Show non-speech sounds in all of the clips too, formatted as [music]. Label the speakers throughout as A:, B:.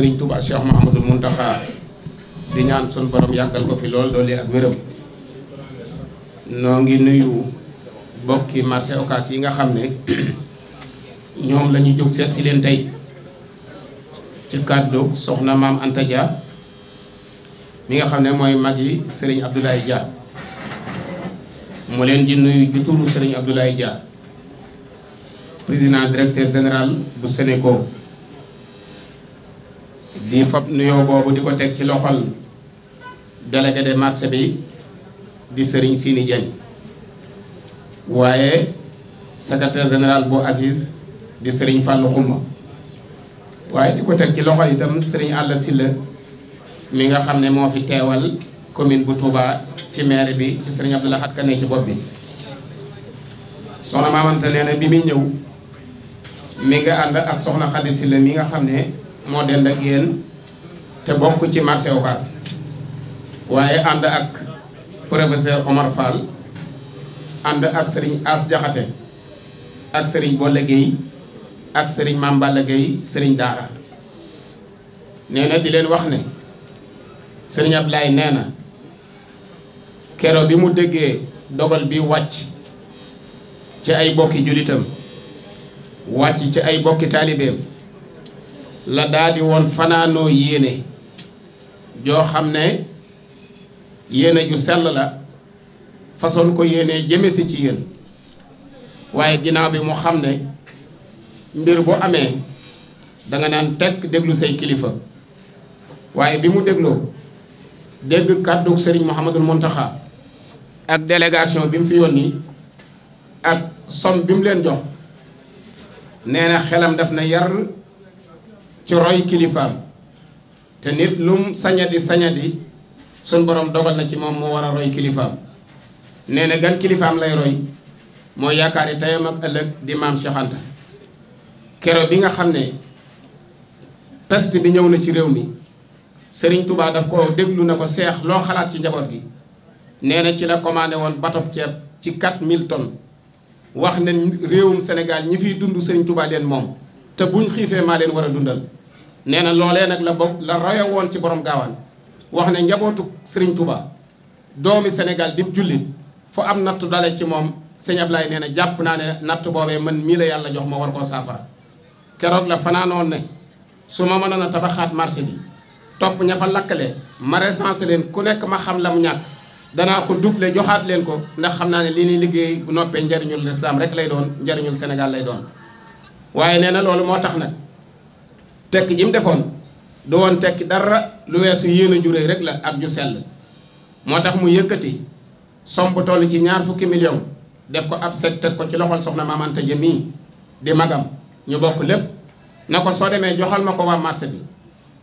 A: Serigne Touba Cheikh Mahamadul Muntaxa di ñaan sun borom yàggal ko fi lool doole ak wéram noo ngi nuyu bokki marché occas yi nga xam ne [clears throat] ñoom lañuy ñu jóg seet si leen tey ci kàddu soxna maam Anta mi nga xam ne mooy mag yi sëriñ Abdoulaye Dia mu leen ji nuyu ci turu Serigne Abdoulaye Dia président directeur général bu Sénégal. di fab nuyoo boobu di ko teg ci loxol délégué de marché bi di sëriñ siini jañ waaye secrétaire général bu ACIS di Serigne Fallou Xuma waaye di ko teg ci loxol itam Serigne Alla Silla mi nga xam ne moo fi teewal commune bu Touba ci maire bi ci Serigne Abdou Lahad Ka ne ci bopp bi soxna Maamante nee na bi muy ñëw mi nga ànd ak soxna Xadi Silla mi nga xam ne. moo dend ak yéen te bokk ci marché Ocass waaye ànd ak professeur Omar Fall ànd ak sëriñ As Jaxate ak Serigne Bolle Gueye ak sëriñ Mame Balla Gueye Serigne Daara nee na di leen wax ne Serigne Ablaye nee na kero bi mu déggee dogal bi wàcc ci ay bokki jullitam wàcc ci ay bokki taalibeem la daldi woon fanaanoo yéene joo xam ne yéene ju sell la façon ko yéene jëme si ci yéen waaye ginnaaw bi mu xam ne mbir bu amee danga naan tekk déglu say kilifa waaye bi mu dégloo dégg kàddu sëriñ Mouhamadul Mountakha ak délégation bi mu fi yónni ak som bi mu leen jox nee na xelam def na yar ci roy kilifaam te nit lum sañadi sañadi suñ borom dogal na ci moom moo war a roy kilifaam nee na gan kilifaam lay roy moo yaakaari tayam ak ëllëg di maam Cheikh kero bi nga xam ne peste bi ñëw na ci réew mi sëriñ Touba daf ko déglu na ko seex loo xalaat ci njaboot gi nee na ci la commandé woon batob ceeb ci 4000 tonnes wax ne réewum Sénégal ñi fiy dund Serigne Touba leen moom te buñ xiifee maa leen war a dundal nee na loolee nag la bokk la raya woon ci borom gaawaan wax ne njabootu Serigne Touba doomi Sénégal di jullit fu am nattu dale ci moom sëñ Ablaye nee na jàpp naa ne natt boobee mën mii la yàlla jox ma war koo saafara keroog la fanaanoon ne su ma mënoon a tabaxaat marché bi topp ña fa lakkale ma recensé leen ku nekk ma xam la mu ñàkk danaa ko doublé joxaat leen ko ndax xam naa ne lii nuy liggéey bu noppee njariñul lislaam rek lay doon njariñu Sénégal lay doon waaye nee na loolu moo tax nag tekk ji mu defoon du woon tekki dara lu weesu yéen a juree rek la ak ju sell moo tax mu yëkkati somb toll ci ñaar fukki million def ko ab set teg ko ci loxol soxna maamante Anta Ja mii di magam ñu bokk lépp na ko soo demee joxal ma ko waa marché bi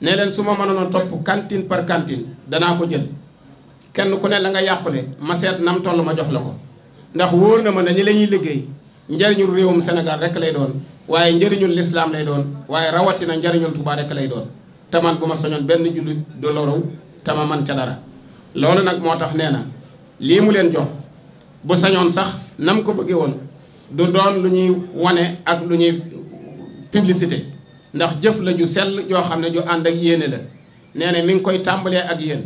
A: ne leen su ma mënoon topp cantine par cantine danaa ko jël kenn ku ne la nga yàqule ma seet nam toll ma jox la ko ndax wóor na ma ne ñi la ñuy liggéey njariñu réewum Sénégal rek lay doon waaye njëriñul lislaam lay doon waaye rawatina njëriñul Tuubaa rek lay doon te man bu ma soñoon benn jullit du loru tama man ca dara loolu nag moo tax nee na lii mu leen jox bu sañoon sax nam ko bëggee woon du doon lu ñuy wane ak lu ñuy publicité ndax jëf la ju sell joo xam ne ju ànd ak yéene la nee na mi ngi koy tàmbalee ak yéen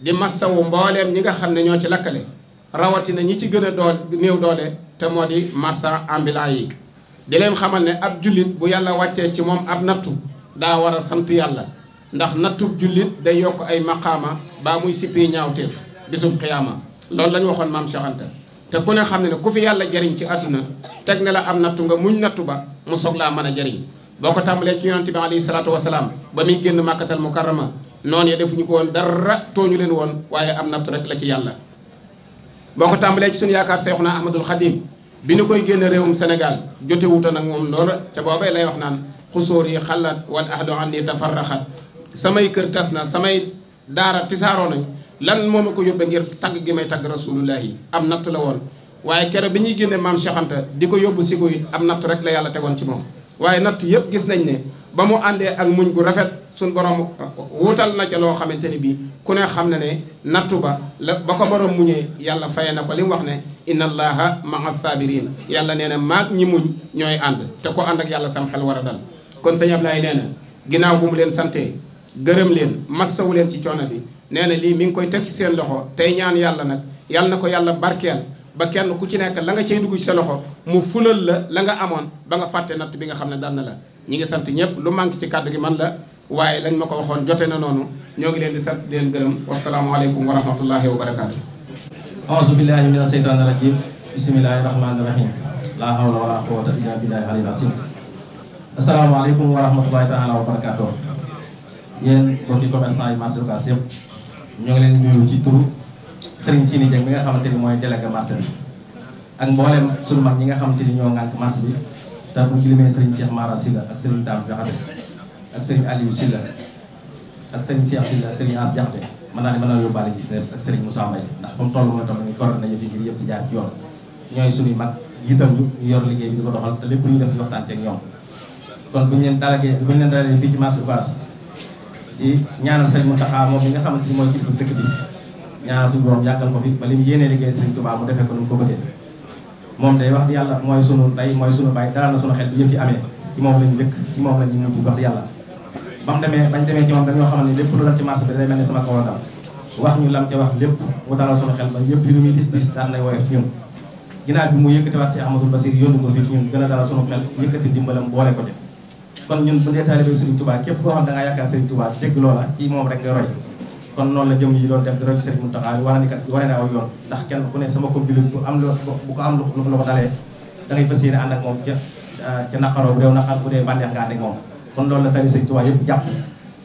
A: di massawu mbooleem ñi nga xam ne ñoo ci lakkale rawatina ñi ci gën a dool néew doole te moo di marchand ambulant yi di leen xamal ne ab jullit bu yàlla wàccee ci moom ab nattu daa war a sant yàlla ndax nattub jullit day yokk ay maqaama baa muy sippi ñaawteef bisub xiyaama loolu la waxoon maam Cheikh te ku ne xam ne ne ku fi yàlla jariñ ci àdduna teg ne la am nattu nga muñ nattu ba mu soog laa mën a jariñ boo ko tàmbalee ci yonent bi alayhi salaatu wasalaam ba muy génn màkkatal mukarrama noonu ya defuñu ko woon dara tooñu leen woon waaye am nattu rek la ci yàlla boo ko tàmbalee ci suñu yaakaar seexuna ahmadul xadim bi ñu koy génne réewum senegal jote wuta nag moom loolu ca boobay lay wax naan xusóor yi xalaat wal ahdu an yi tafarraxat samay kër tas na samay daara tisaaroo nañ lan moo ma ko yóbbe ngir tagg gi may tagg rasulullah yi am natt la woon waaye kere bi ñuy génne maam Cheikh di ko yóbbu sigo it am natt rek la yàlla tegoon ci moom waaye natt yëpp gis nañ ne ba mu àndee ak muñ gu rafet suñ borom wutal na ca loo xamante ni bii ku ne xam ne ne nattu ba la ba ko borom muñee yàlla faye na ko li mu wax ne inna allaha maa saabirina yàlla nee na maag ñi muñ ñooy ànd te ko ànd ak yàlla sam xel war a dal kon sëñ Ablaye nee na ginnaaw bu leen santee gërëm leen massawu leen ci coono bi nee na lii mi ngi koy teg seen loxo tey ñaan yàlla nag yàlla na ko yàlla barkeel ba kenn ku ci nekk la nga cay dugg ci sa loxo mu fulal la la nga amoon ba nga fàtte natt bi nga xam ne dal na la ñi ngi sant ñëpp lu manqué ci kàddu gi man la waaye lañ ma ko waxoon jote na noonu ñoo ngi leen di sant di leen gërëm wasalaamualeykum wa rahmatullahi wa barakaatu.
B: auzu billahi mina seytaani rajim bismillahi rahmaani rahim laa hawla wala quwwata illa billahi aliyil azim asalaamaaleykum wa rahmatullahi taala wa barakaatu yéen mbokki commerçant yi marché Ocass yëpp ñoo ngi leen di nuyu ci turu Serigne Sini Dieng mi nga xamante ni mooy délégué marché bi ak mboolem su mag ñi nga xamante ni ñoo ngànk marché bi ndax bu ñu ci limee sëriñ Cheikh Mara Sylla ak sëriñ Daam Jaxate ak sëriñ Aliou Sylla ak sëriñ Cheikh Sylla ak sëriñ As Jaxate mën naa ne mën naa yóbbaale ji ak sëriñ Moussa yi ndax comme toll mooy tam nañu kor nañu fi ngir yëpp di jaar ci yoon ñooy suñuy mag jiital ñu ñu yor liggéey bi di ko doxal te lépp lu ñu def ñu waxtaan ceeg ñoom kon bu ñu leen dalagee bu ñu leen dalalee fii ci marché Ocass di ñaanal sëriñ Mountakha moom mi nga xamante ni mooy kilifa dëkk bi ñaanal suñu borom yàggal ko fi ba li mu yéenee liggéey sëriñ Touba mu defee ko nu mu ko bëggee moom day wax di yàlla mooy sunu day mooy sunu bàyyi dalal na sunu xel bi yëf amee ci moom lañu dëkk ci moom lañu mujj wax di yàlla ba mu demee bañ demee ci moom dañoo xamal ne lépp lu dal ci marché bi wax ñu lam ca wax lépp sunu xel ba yëpp lu muy dis dis daan lay woyof ci ñun ginnaaw bi mu yëkkatiwaat si Amadou Basir yónni ko fii ci ñun gën a dalal sunu xel yëkkati ndimbalam boole ko de kon ñun bu dee taalibe Serigne Touba képp koo xam da ngaa yaakaar Serigne Touba loola ci moom kon noonu la jëm yi doon def di roy Serigne Mountakha wane ni kat wane na aw yoon ndax kenn ku ne lu bu ko loolu la tari Serigne Touba yëpp jàpp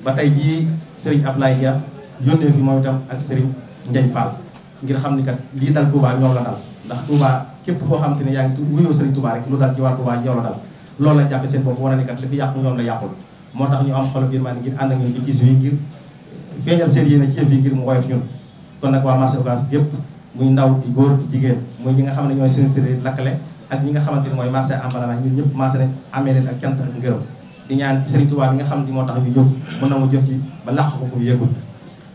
B: ba tey jii Serigne Ablaye Dia yónnee fi moom itam ak Serigne Ndiagne Fall ngir xam ni kat lii dal Touba ñoom la dal ndax Touba képp lu dal ci ni kat li fi yàqu la yàqul moo tax ñu am xolu biir ngir ànd ak ñun ci tiis wi ngir feeñal seen yéene ci yëf yi ngir mu woyof ñun kon nag waa marché Ocass yëpp muy ndaw di góor jigéen muy ñi nga xam ne ñooy sinistré lakkale ak ñi nga xamante ni mooy marché Ambalamaay ñun ñëpp marché leen ak cant ak nga xam ne moo tax ñu jëf ko fu mu yëgul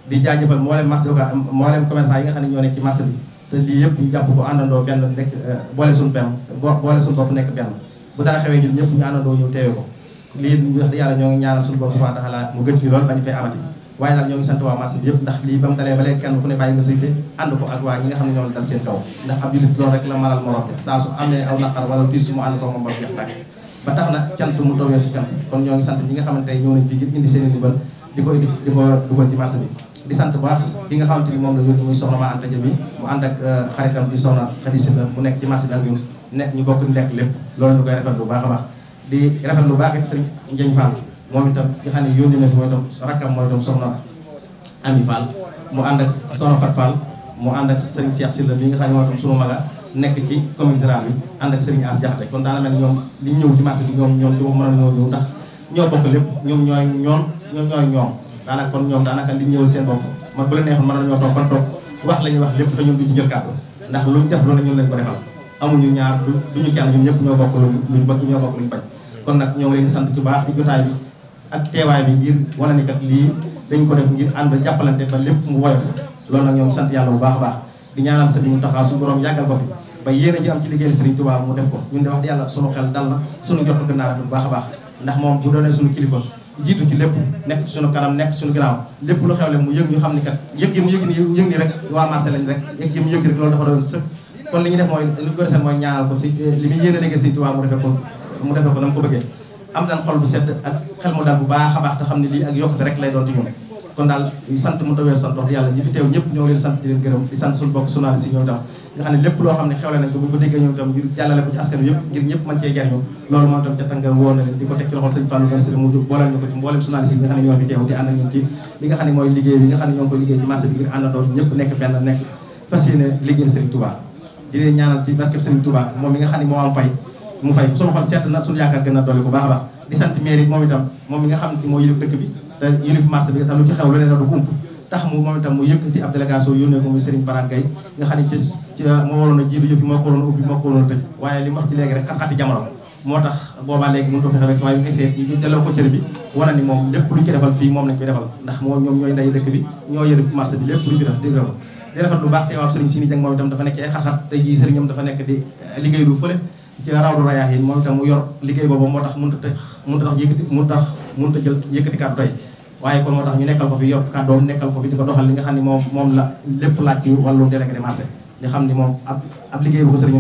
B: di jaajëfal mboolem marché Ocass mboolem commerçant yi nga xam ne ñoo nekk ci marché bi te lii yëpp ñu jàpp ko àndandoo benn nekk euh, boole suñu benn boole ñëpp ñu àndandoo ñu teewe ko lii amati waaye daal ñoo ngi sant waa marché bi yëpp ndax lii ba mu dalee ba léegi kenn ku ne bàyyi nga say ànd ko ak waa ñi nga xam ne ñoom la dal seen kaw ndax ab jullit loolu mu ànd ko na di ko indi sant bu baax ki nga xamante ni moom la yónni muy soxna maa anta jëm yi mu ànd ak euh, xaritam di soxna xadisi la mu nekk ci a baax di rafet lu baax it sëriñ Njëñ Fall moom itam nga xam ne yónni na fi mooy doom rakkam mooy doom soxna Ami Fall mu ànd ak soxna Fat Fall mu ànd ak Serigne Cheikh Sylla bi nga xam ne mooy doom sunu maga nekk ci commune rural bi ànd ak Serigne As Jaxate kon daana mel li ñëw ci marché bi ñoom ñoom ci wax mën a ñoo bokk lépp ñoom ñooy ñoom ñoom kon ñoom daanaka li ñëwal seen bopp man bu la neexoon mën nañoo toog fan toog wax la ñuy wax lépp te ñoom duñu jël kàddu ndax ñu def loolu ñun lañ ko defal amuñu ñaar duñu kenn ñun ñëpp ñoo bokk luñu luñu bëgg ñoo bokk luñu bañ kon nag ñoo ngi leen di sant ci baax ak teewaay bi ngir wane ni kat lii dañ ko def ngir ànd jàppalante ba lépp mu woyof loolu nag ñoom sant yàlla bu baax baax di ñaanal sëriñ Mountakha suñu borom yàggal ko fi ba yéene ji am ci liggéeyal def ko wax yàlla sunu xel dal na sunu njortu gën naa rafet bu baax a baax ndax moom bu doonee sunu kilifa jiitu ci lépp nekk sunu kanam nekk sunu ginnaaw lépp lu xewle mu yëg ñu xam ni kat yëg gi mu yëg ni rek loolu dafa doon sëkk kon li ñu def mooy li ñu ko deseen mooy ñaanal ko si eh, li muy yéene liggéey sëriñ Touba mu defee ko mu defee ko na ko bëggee am daan xol bu sedd ak xel mu daal bu baax a baax te xam ne lii ak yokkute rek lay doon ci ñun kon daal sant mu tawee sant wax yàlla ñi fi teew ñëpp ñoo leen ko bu ñu mu nga xam ne ñoo fi teew di ànd ak ñun ci li nga xam ne mooy liggéey bi nga xam ne ñoo ngi liggéey ci marché bi ngir àndandoo ñëpp nekk benn nekk fas yéene liggéeyal Serigne di leen ñaanal ci barkeb Serigne Touba moom mi nga xam ne moo fay mu fay sama xol sedd na suñu yaakaar gën a dolli ko baax a baax di sant maire moom itam moom itam a jiitu yëf yi moo ko a ubbi dafa nekk ay xat-xat tey jii Serigne dafa nekk di liggéey lu fële ci rawdu rayaahin moom itam mu yor liggéey boobu moo tax mënut a mënut tax yëkkati mënut tax a jël yëkkati kàddu tey waaye kon moo tax ñu nekkal ko fi yor kàddoom nekkal ko fi di ko doxal li nga xam ne moom moom la xam ne moom ab ab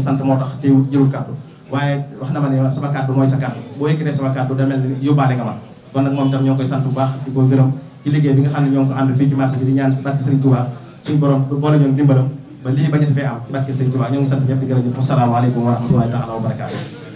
B: sant moo tax teewul jëwul kàddu waaye wax na ma ne sama kàddu mooy sa kàddu boo yëkkatee sama kàddu da mel ni yóbbaale nga ma kon nag moom itam ñoo ngi koy sant bu baax di ko gërëm ci liggéey bi nga xam ne ñoo ngi ko ànd fii ci marché bi di ñaan si barke sëriñ Touba suñu borom boole ñoom dimbalam ba lii bañ a defee am barke Sëriñ Tuubaa ñoo ngi sant ñëpp di gërëm ñëpp wasalaamaaleykum wa rahmatullahi taala wa barakaatu